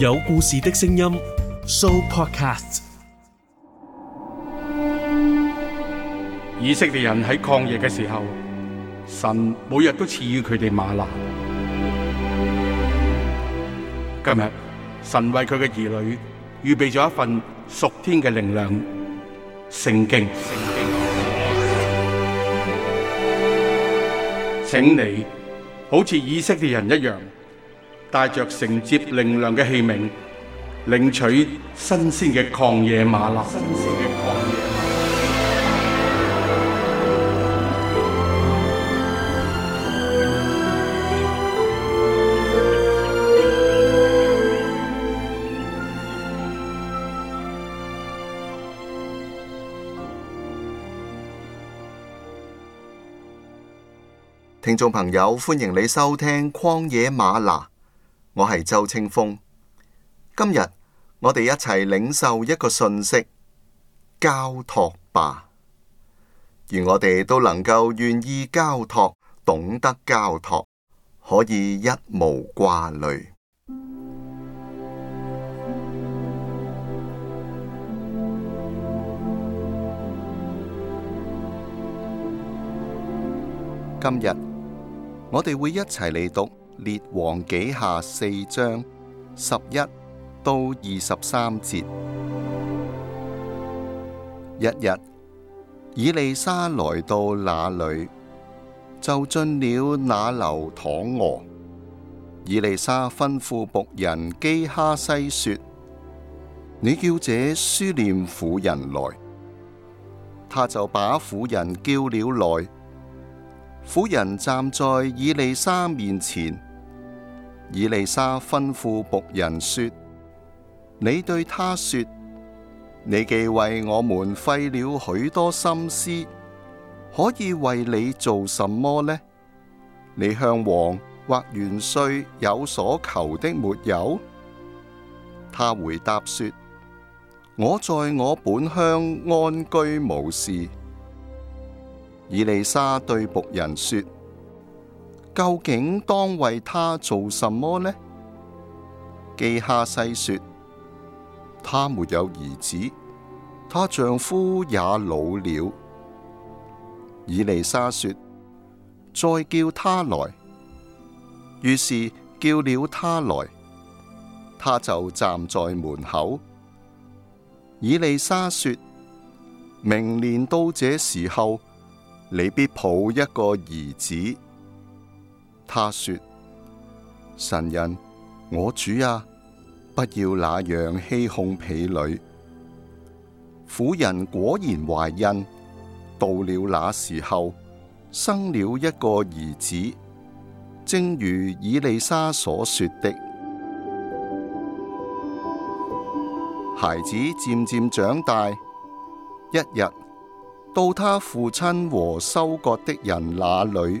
有故事的聲音，So Podcast。以色列人喺曠野嘅時候，神每日都賜予佢哋嗎哪。今日神為佢嘅兒女預備咗一份屬天嘅靈糧，聖經。聖經，請你好似以色列人一樣。帶着承接靈糧嘅器皿，領取新鮮嘅曠野嗎哪。新鮮聽眾朋友，歡迎你收聽《曠野嗎哪》。我係周清風，今日我哋一齊領受一個信息，交託吧。願我哋都能夠願意交託，懂得交託，可以一無掛慮。今日我哋會一齊嚟讀。列王紀下四章十一到二十三節。一日,日，以利沙來到那裡，就進了那樓躺臥。以利沙吩咐僕人基哈西說：你叫這書念婦人來。他就把婦人叫了來，婦人站在以利沙面前。以利沙吩咐僕人說：你對他說，你既為我們費了許多心思，可以為你做什麼呢？你向王或元帥有所求的沒有？他回答說：我在我本鄉安居無事。以利沙對僕人說。究竟當為他做什麼呢？基哈西說。他沒有兒子，她丈夫也老了。以利沙說：再叫他來。於是叫了他來，他就站在門口。以利沙說：明年到這時候，你必抱一個兒子。他說：神人，我主啊，不要那樣欺哄婢女。婦人果然懷孕，到了那時候，生了一個兒子，正如以利沙所說的。孩子漸漸長大，一日到他父親和收割的人那裏。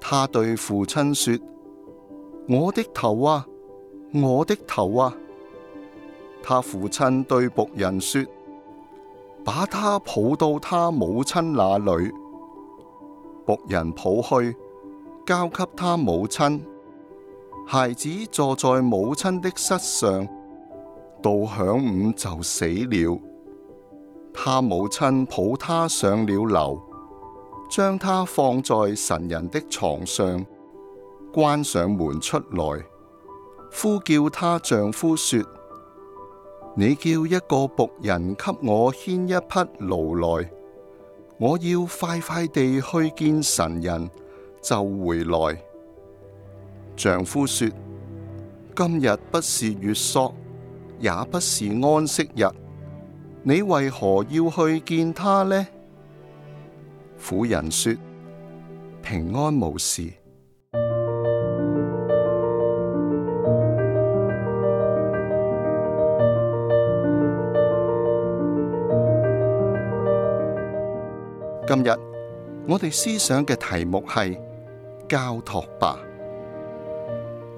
他對父親說：我的頭啊，我的頭啊！他父親對僕人說：把他抱到他母親那裏。僕人抱去，交給他母親。孩子坐在母親的膝上，到晌午就死了。他母親抱他上了樓。將他放在神人的床上，關上門出來，呼叫她丈夫說：你叫一個僕人給我牽一匹驢來，我要快快地去見神人就回來。丈夫說：今日不是月朔，也不是安息日，你為何要去見他呢？婦人說，平安無事。今日我哋思想嘅題目係交託吧。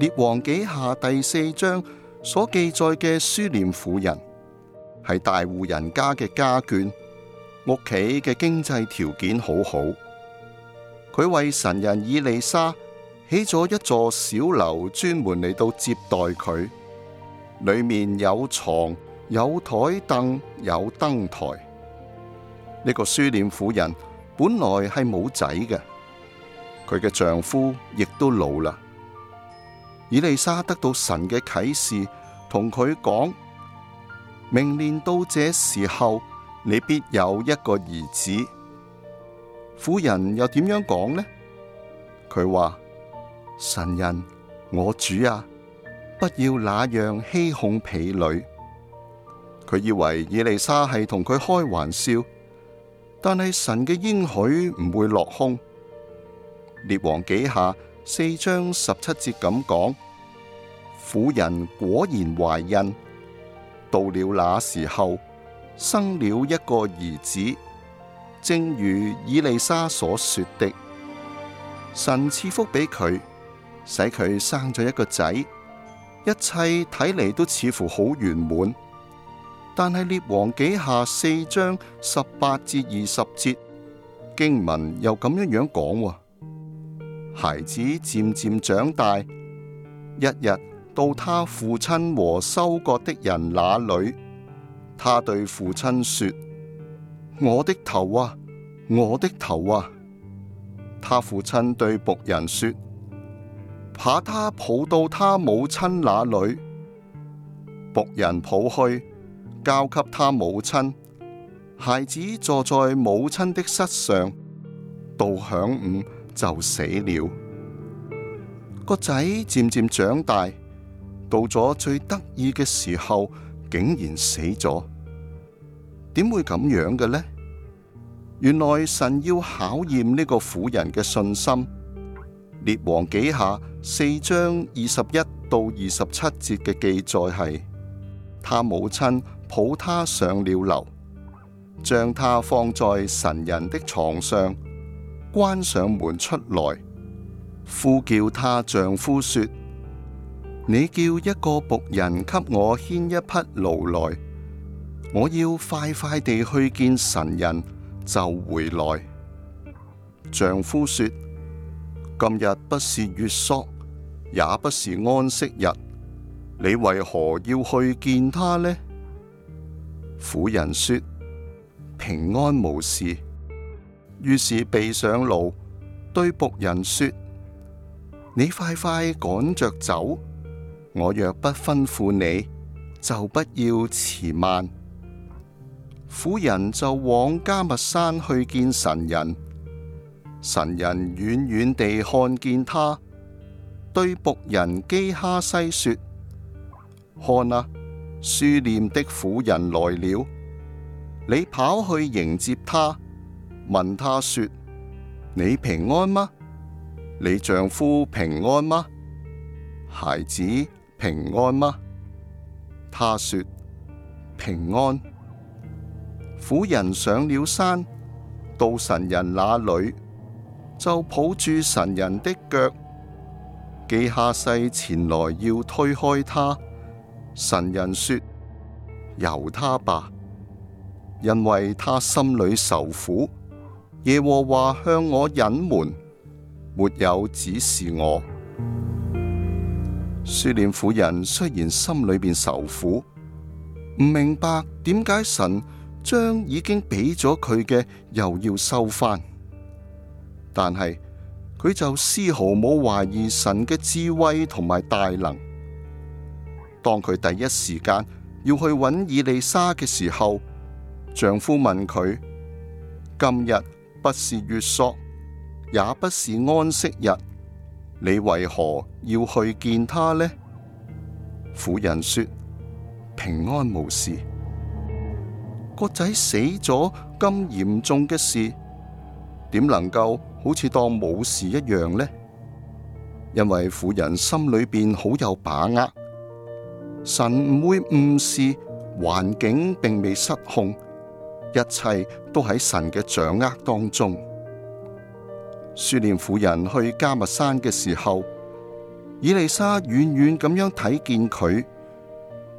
列王紀下第四章所記載嘅書念婦人，係大戶人家嘅家眷。屋企嘅經濟條件好好，佢為神人以利沙起咗一座小樓，專門嚟到接待佢。裏面有床、有台凳、有燈台。呢、這個書念婦人本來係冇仔嘅，佢嘅丈夫亦都老啦。以利沙得到神嘅啟示，同佢講：明年到這時候。你必有一個兒子。婦人又點樣講呢？佢話，神人我主啊，不要那樣欺哄婢女。佢以為以利沙係同佢開玩笑，但係神嘅應許唔會落空。列王紀下四章十七節咁講，婦人果然懷孕。到了那時候。生了一個兒子，正如以利沙所說的，神賜福俾佢，使佢生咗一個仔，一切睇嚟都似乎好圓滿。但係列王紀下四章十八至二十節經文又咁樣樣講：孩子漸漸長大，一日到他父親和收割的人那裡。他對父親說：我的頭啊，我的頭啊！他父親對僕人說：把他抱到他母親那裏。僕人抱去，交給他母親。孩子坐在母親的膝上，到晌午就死了。個仔漸漸長大，到咗最得意嘅時候。竟然死咗，點會咁樣嘅呢？原來神要考驗呢個婦人嘅信心。列王紀下四章二十一到二十七節嘅記載係：他母親抱他上了樓，將他放在神人的床上，關上門出來，呼叫她丈夫說。你叫一個僕人給我牽一匹驢來，我要快快地去見神人，就回來。丈夫說：今日不是月朔，也不是安息日，你為何要去見他呢？婦人說：平安無事。於是備上驢，對僕人說：你快快趕着走。我若不吩咐你，就不要遲慢。婦人就往迦密山去見神人，神人遠遠地看見他，對僕人基哈西說：看啊，書念的婦人來了，你跑去迎接她，問他說：你平安嗎？你丈夫平安嗎？孩子？平安嗎？他說平安。婦人上了山，到神人那裏，就抱住神人的腳，記下世前來要推開他。神人說：由他吧，因為他心裏受苦。耶和華向我隱瞞，沒有指示我。書念婦人雖然心裏邊受苦，唔明白點解神將已經俾咗佢嘅又要收翻，但係佢就絲毫冇懷疑神嘅智慧同埋大能。當佢第一時間要去揾以利沙嘅時候，丈夫問佢，今日不是月朔，也不是安息日。你為何要去見他呢？婦人說：平安無事。個仔死咗咁嚴重嘅事，點能夠好似當冇事一樣呢？因為婦人心裏邊好有把握，神唔會誤事，環境並未失控，一切都喺神嘅掌握當中。書念婦人去迦密山嘅時候，以利沙遠遠咁樣睇見佢，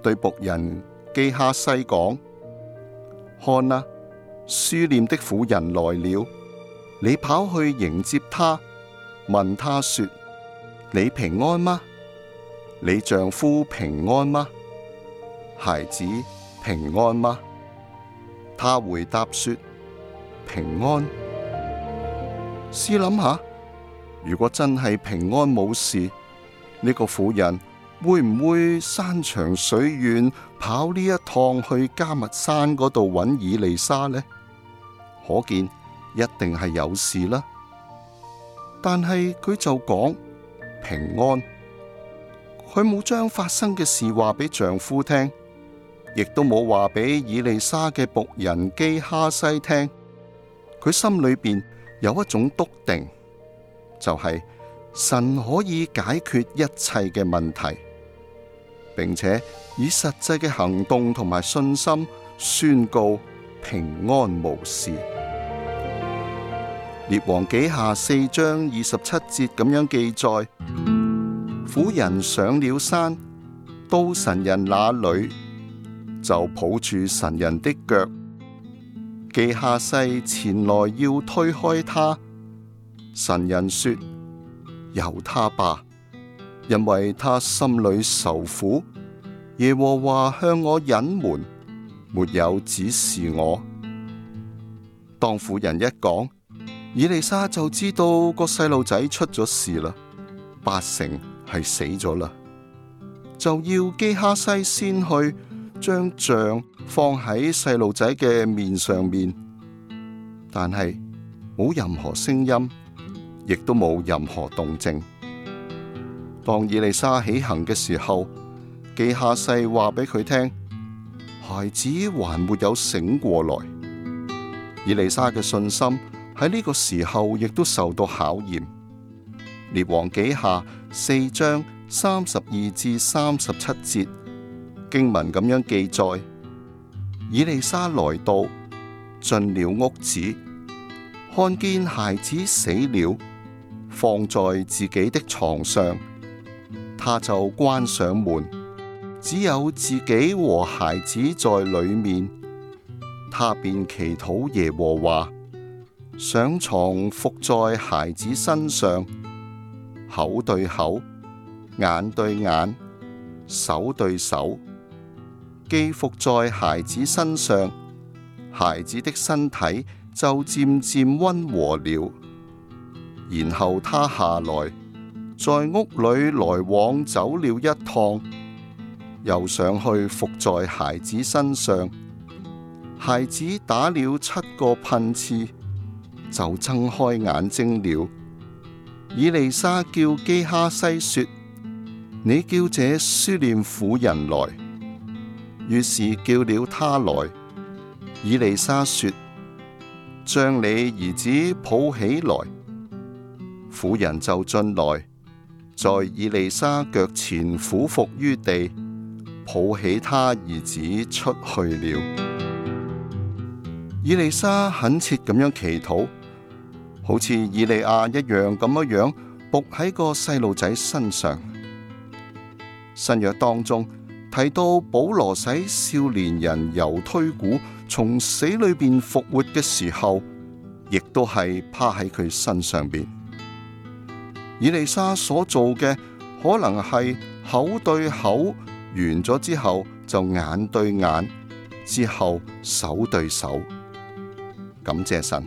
對僕人基哈西講：看啊，書念的婦人來了，你跑去迎接她，問她說：你平安嗎？你丈夫平安嗎？孩子平安嗎？她回答說：平安。試諗下，如果真係平安冇事，呢個婦人會唔會山長水遠跑呢一趟去加密山嗰度搵以利沙呢？可見一定係有事啦。但係佢就講平安，佢冇將發生嘅事話俾丈夫聽，亦都冇話俾以利沙嘅僕人基哈西聽。佢心裏邊。有一種篤定，就係、是、神可以解決一切嘅問題，並且以實際嘅行動同埋信心宣告平安無事。列 王紀下四章二十七節咁樣記載：婦 人上了山，到神人那裡，就抱住神人的腳。基哈西前來要推開他，神人說：由他吧，因為他心裏受苦。耶和華向我隱瞞，沒有指示我。當婦人一講，以利沙就知道個細路仔出咗事啦，八成係死咗啦，就要基哈西先去將像。放喺細路仔嘅面上面，但係冇任何聲音，亦都冇任何動靜。當以利沙起行嘅時候，基哈西話俾佢聽：「孩子還沒有醒過來。」以利沙嘅信心喺呢個時候亦都受到考驗。列王紀下四章三十二至三十七節經文咁樣記載。以利沙來到，進了屋子，看見孩子死了，放在自己的床上，他就關上門，只有自己和孩子在裏面，他便祈禱耶和華，上床伏在孩子身上，口對口，眼對眼，手對手。既伏在孩子身上，孩子的身體就漸漸溫和了。然後他下來，在屋裏來往走了一趟，又上去伏在孩子身上。孩子打了七個噴嚏，就睜開眼睛了。以利沙叫基哈西說：你叫這書念婦人來。於是叫了他來，以利沙說：將你兒子抱起來。婦人就進來，在以利沙腳前俯伏於地，抱起她兒子出去了。以利沙懇切咁樣祈禱，好似以利亞一樣咁樣樣伏喺個細路仔身上，新約當中，提到保羅使少年人猶推古從死裏邊復活嘅時候，亦都係趴喺佢身上邊。以利沙所做嘅可能係口對口完咗之後就眼對眼之後手對手。感謝神，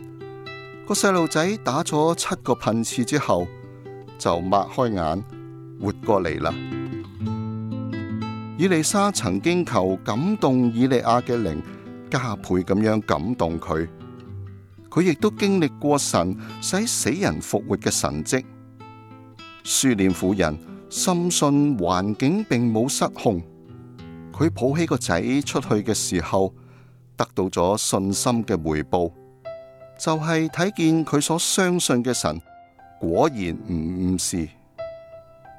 個細路仔打咗七個噴嚏之後就擘開眼活過嚟啦。以利沙曾經求感動以利亞嘅靈，加倍咁樣感動佢。佢亦都經歷過神使死人復活嘅神蹟。書念婦人深信環境並冇失控，佢抱起個仔出去嘅時候，得到咗信心嘅回報，就係睇見佢所相信嘅神果然唔誤事。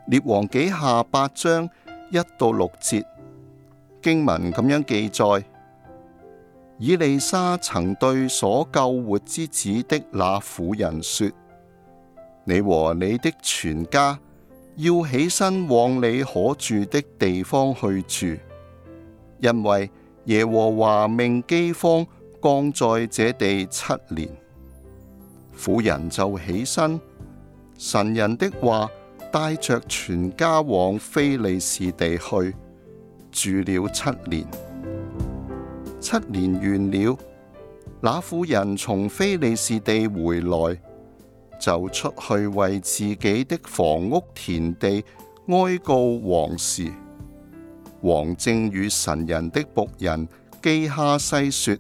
列王記下八章。一到六節經文咁樣記載，以利沙曾對所救活之子的那婦人說，你和你的全家要起身往你可住的地方去住，因為耶和華命饑荒降在這地七年。婦人就起身，神人的話。帶着全家往非利士地去住了七年。七年完了，那婦人從非利士地回來，就出去為自己的房屋田地哀告王時，王正與神人的僕人基哈西說：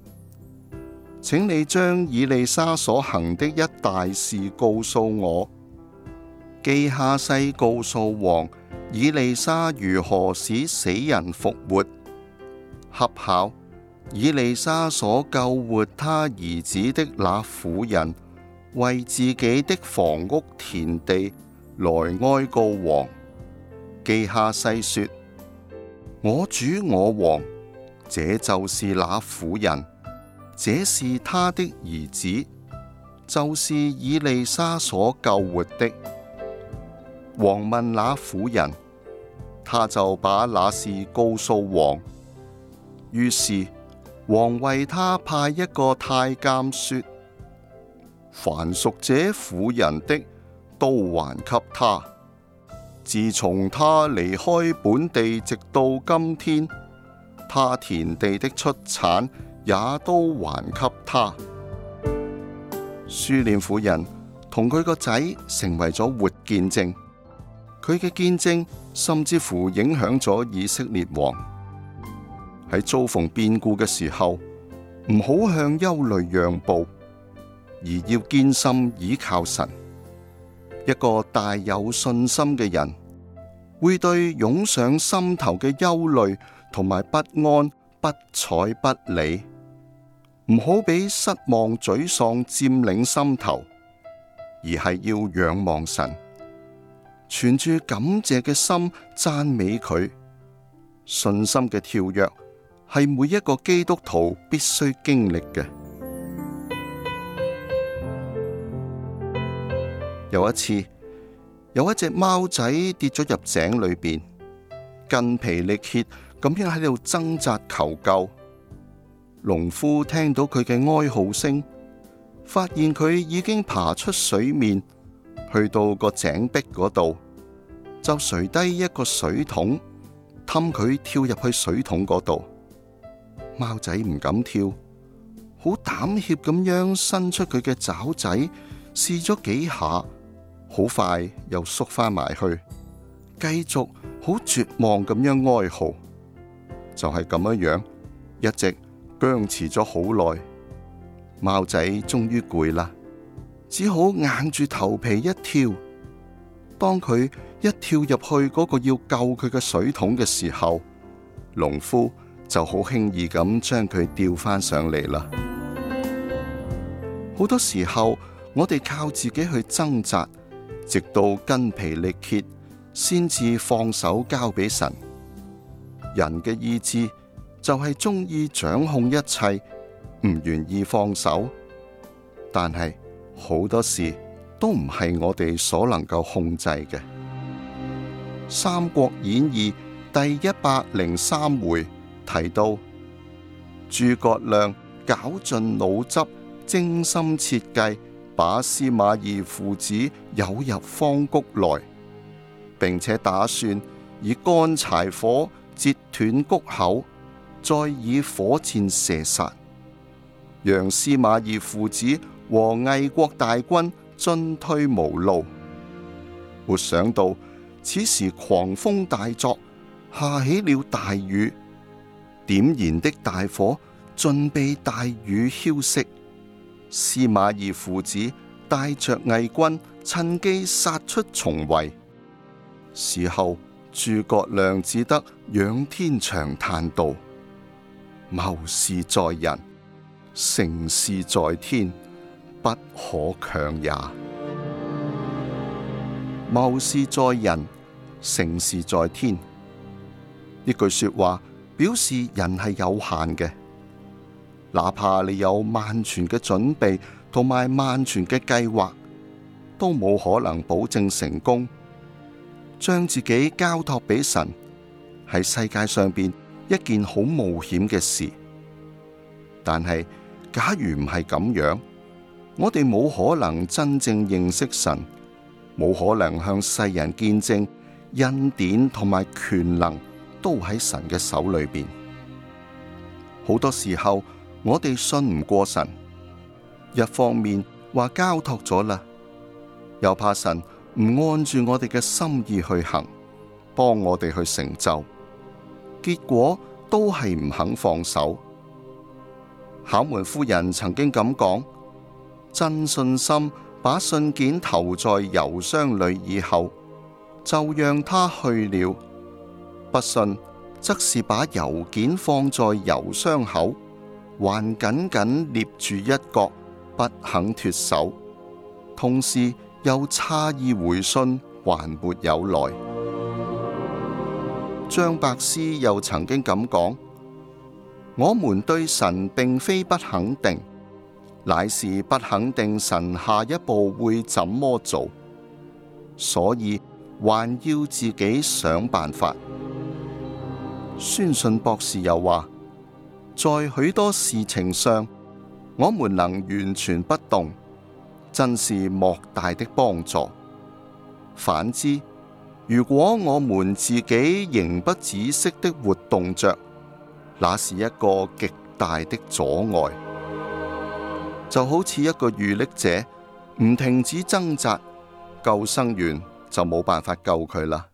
請你將以利沙所行的一大事告訴我。基哈西告訴王，以利沙如何使死人復活。恰巧以利沙所救活他兒子的那婦人，為自己的房屋田地來哀告王。基哈西說，我主我王，這就是那婦人，這是他的兒子，就是以利沙所救活的。王問那婦人，他就把那事告訴王。於是王為他派一個太監說：凡屬這婦人的，都還給他。自從他離開本地，直到今天，他田地的出產也都還給他。書念婦人同佢個仔成為咗活見證。佢嘅見證甚至乎影響咗以色列王。喺遭逢變故嘅時候，唔好向憂慮讓步，而要堅心倚靠神。一個大有信心嘅人，會對湧上心頭嘅憂慮同埋不安不睬不理，唔好俾失望沮喪佔領心頭，而係要仰望神。存住感謝嘅心，讚美佢。信心嘅跳躍係每一個基督徒必須經歷嘅。 有一次，有一隻貓仔跌咗入井裏邊，筋疲力竭咁樣喺度掙扎求救。農夫聽到佢嘅哀號聲，發現佢已經爬出水面。去到個井壁嗰度，就垂低一個水桶，氹佢跳入去水桶嗰度。貓仔唔敢跳，好膽怯咁樣，伸出佢嘅爪仔試咗幾下，好快又縮翻埋去，繼續好絕望咁樣哀嚎。就係咁樣樣，一直僵持咗好耐，貓仔終於攰啦。只好硬住頭皮一跳，當佢一跳入去嗰個要救佢嘅水桶嘅時候，農夫就好輕易咁將佢吊翻上嚟啦。好多時候，我哋靠自己去掙扎，直到筋疲力竭，先至放手交俾神。人嘅意志就係中意掌控一切，唔願意放手，但係。好多事都唔係我哋所能夠控制嘅。《三國演義》第一百零三回提到，諸葛亮搞盡腦汁，精心設計，把司馬懿父子誘入荒谷內，並且打算以乾柴火截斷谷口，再以火箭射殺，讓司馬懿父子。和魏國大軍進退無路，沒想到此時狂風大作，下起了大雨，點燃的大火盡被大雨澆熄。司馬懿父子帶着魏軍趁機殺出重圍，事後諸葛亮只得仰天長嘆道：謀事在人，成事在天。不可強也。謀事在人，成事在天。一句說話表示人係有限嘅，哪怕你有萬全嘅準備同埋萬全嘅計劃，都冇可能保證成功。將自己交託俾神，係世界上邊一件好冒險嘅事。但係假如唔係咁樣。我哋冇可能真正認識神，冇可能向世人見證恩典同埋權能都喺神嘅手裏邊。好多時候我哋信唔過神，一方面話交託咗啦，又怕神唔按住我哋嘅心意去行，幫我哋去成就，結果都係唔肯放手。考門夫人曾經咁講。真信心把信件投在郵箱裏以後，就讓他去了；不信，則是把郵件放在郵箱口，還緊緊捏住一角，不肯脫手。同時又詫異回信還沒有來。張伯斯又曾經咁講：我們對神並非不肯定。乃是不肯定神下一步會怎麼做，所以還要自己想辦法。宣信博士又話：在許多事情上，我們能完全不動，真是莫大的幫助。反之，如果我們自己仍不止息的活動着，那是一個極大的阻礙。就好似一個遇溺者，唔停止掙扎，救生員就冇辦法救佢啦。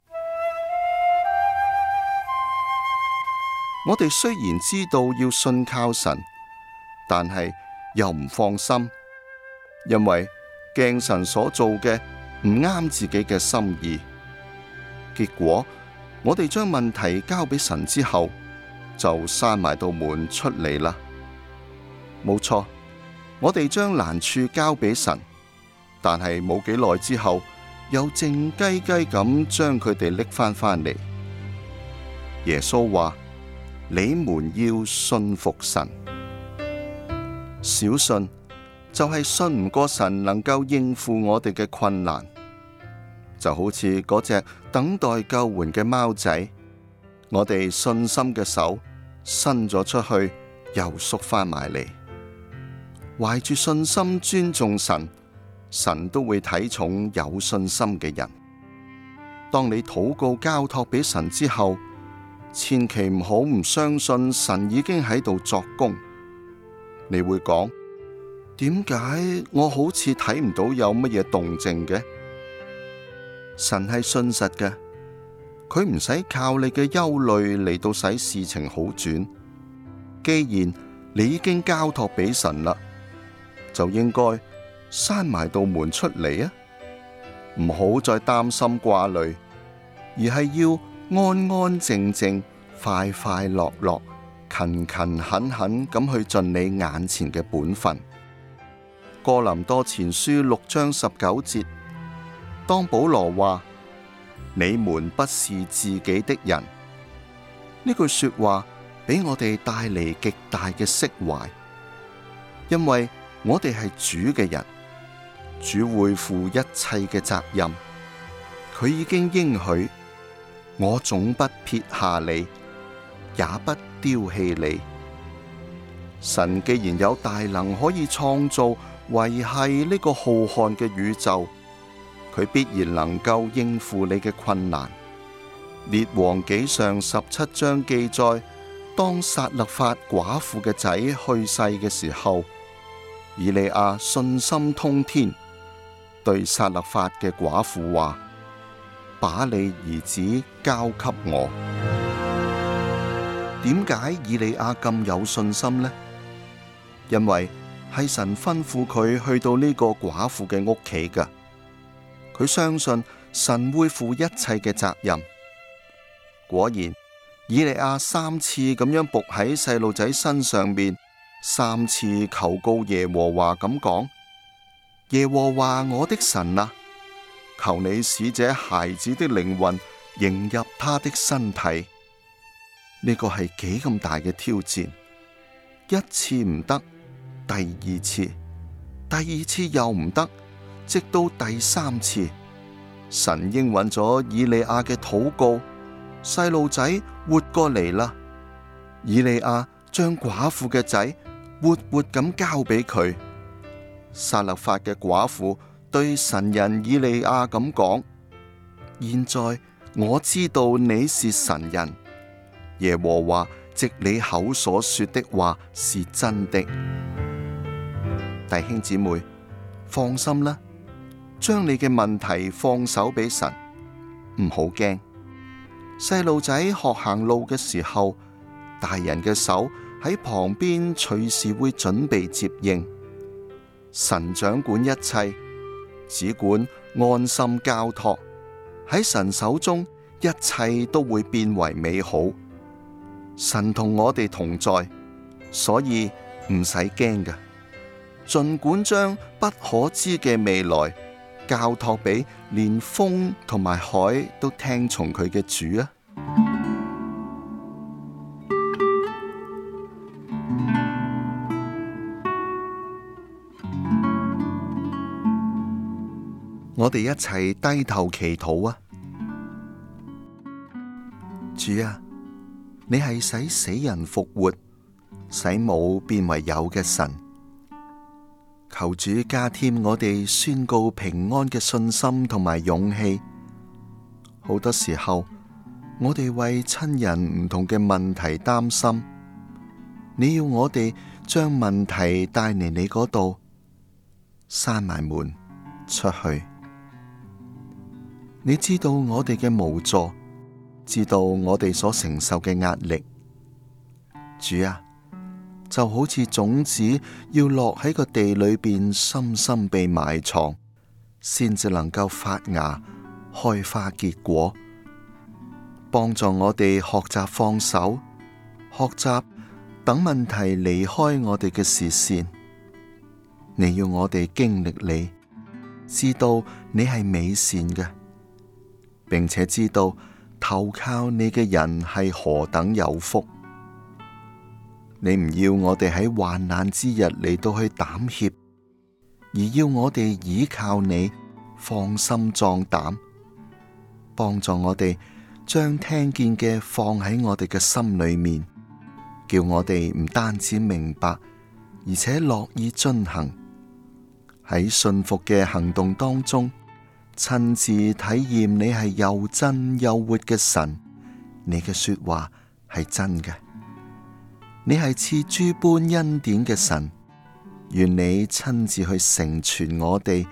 我哋雖然知道要信靠神，但係又唔放心，因為驚神所做嘅唔啱自己嘅心意。結果我哋將問題交俾神之後，就閂埋道門出嚟啦。冇錯。我哋將難處交俾神，但係冇幾耐之後，又靜雞雞咁將佢哋拎返返嚟。耶穌話：你們要信服神，小信就係信唔過神能夠應付我哋嘅困難。就好似嗰隻等待救援嘅貓仔，我哋信心嘅手伸咗出去，又縮返埋嚟。懷住信心尊重神，神都會睇重有信心嘅人。當你禱告交託俾神之後，千祈唔好唔相信神已經喺度作工。你會講，點解我好似睇唔到有乜嘢動靜嘅？神係信實嘅，佢唔使靠你嘅憂慮嚟，到使事情好轉。既然你已經交託俾神啦。就應該閂埋道門出嚟啊，唔好再擔心掛慮，而係要安安靜靜、快快樂樂、勤勤懇懇咁去盡你眼前嘅本分。哥林多前書六章十九節，當保羅話你們不是自己的人，呢句說話俾我哋帶嚟極大嘅釋懷，因為。我哋係主嘅人，主會負一切嘅責任。佢已經應許，我總不撇下你，也不丟棄你。神既然有大能可以創造，維繫呢個浩瀚嘅宇宙，佢必然能夠應付你嘅困難。列王紀上十七章記載，當撒勒法寡婦嘅仔去世嘅時候。以利亞信心通天，對撒勒法嘅寡婦話：把你兒子交給我。點解以利亞咁有信心呢？因為係神吩咐佢去到呢個寡婦嘅屋企㗎，佢相信神會負一切嘅責任。果然，以利亞三次咁樣伏喺細路仔身上面。三次求告耶和華咁講，耶和華我的神啊，求你使這孩子的靈魂迎入他的身體。呢個係幾咁大嘅挑戰，一次唔得，第二次，第二次又唔得，直到第三次，神應允咗以利亞嘅禱告，細路仔活過嚟啦。以利亞將寡婦嘅仔。活活咁交俾佢，撒勒法嘅寡婦對神人以利亞咁講：現在我知道你是神人，耶和華藉你口所說的話是真的。弟兄姊妹，放心啦，將你嘅問題放手俾神，唔好驚。細路仔學行路嘅時候，大人嘅手。喺旁邊隨時會準備接應，神掌管一切，只管安心交託。喺神手中，一切都會變為美好。神同我哋同在，所以唔使驚嘅。盡管將不可知嘅未來交託俾連風同埋海都聽從佢嘅主啊！我哋一齊低頭祈禱啊！主啊，你係使死人復活、使無變為有嘅神，求主加添我哋宣告平安嘅信心同埋勇氣。好多時候，我哋為親人唔同嘅問題擔心，你要我哋將問題帶嚟你嗰度，閂埋門出去。你知道我哋嘅無助，知道我哋所承受嘅壓力，主啊，就好似種子要落喺個地裏邊，深深被埋藏，先至能夠發芽開花結果，幫助我哋學習放手，學習等問題離開我哋嘅視線。你要我哋經歷你，知道你係美善嘅。並且知道投靠你嘅人係何等有福。你唔要我哋喺患難之日嚟到去膽怯，而要我哋依靠你，放心壯膽，幫助我哋將聽見嘅放喺我哋嘅心裏面，叫我哋唔單止明白，而且樂意進行喺信服嘅行動當中。親自體驗你係又真又活嘅神，你嘅說話係真嘅，你係賜諸般恩典嘅神。願你親自去成全我哋，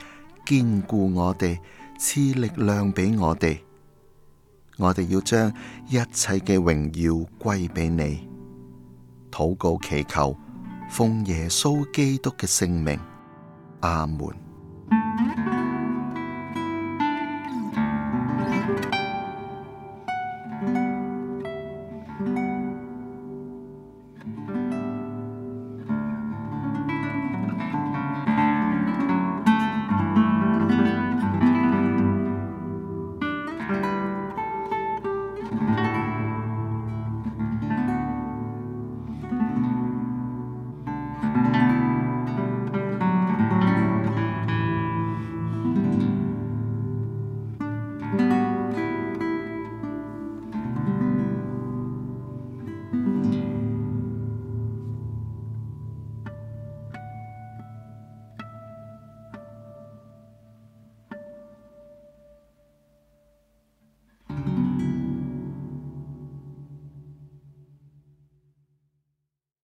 堅固我哋，賜力量俾我哋。我哋要將一切嘅榮耀歸俾你。禱告祈求，奉耶穌基督嘅聖名，阿門。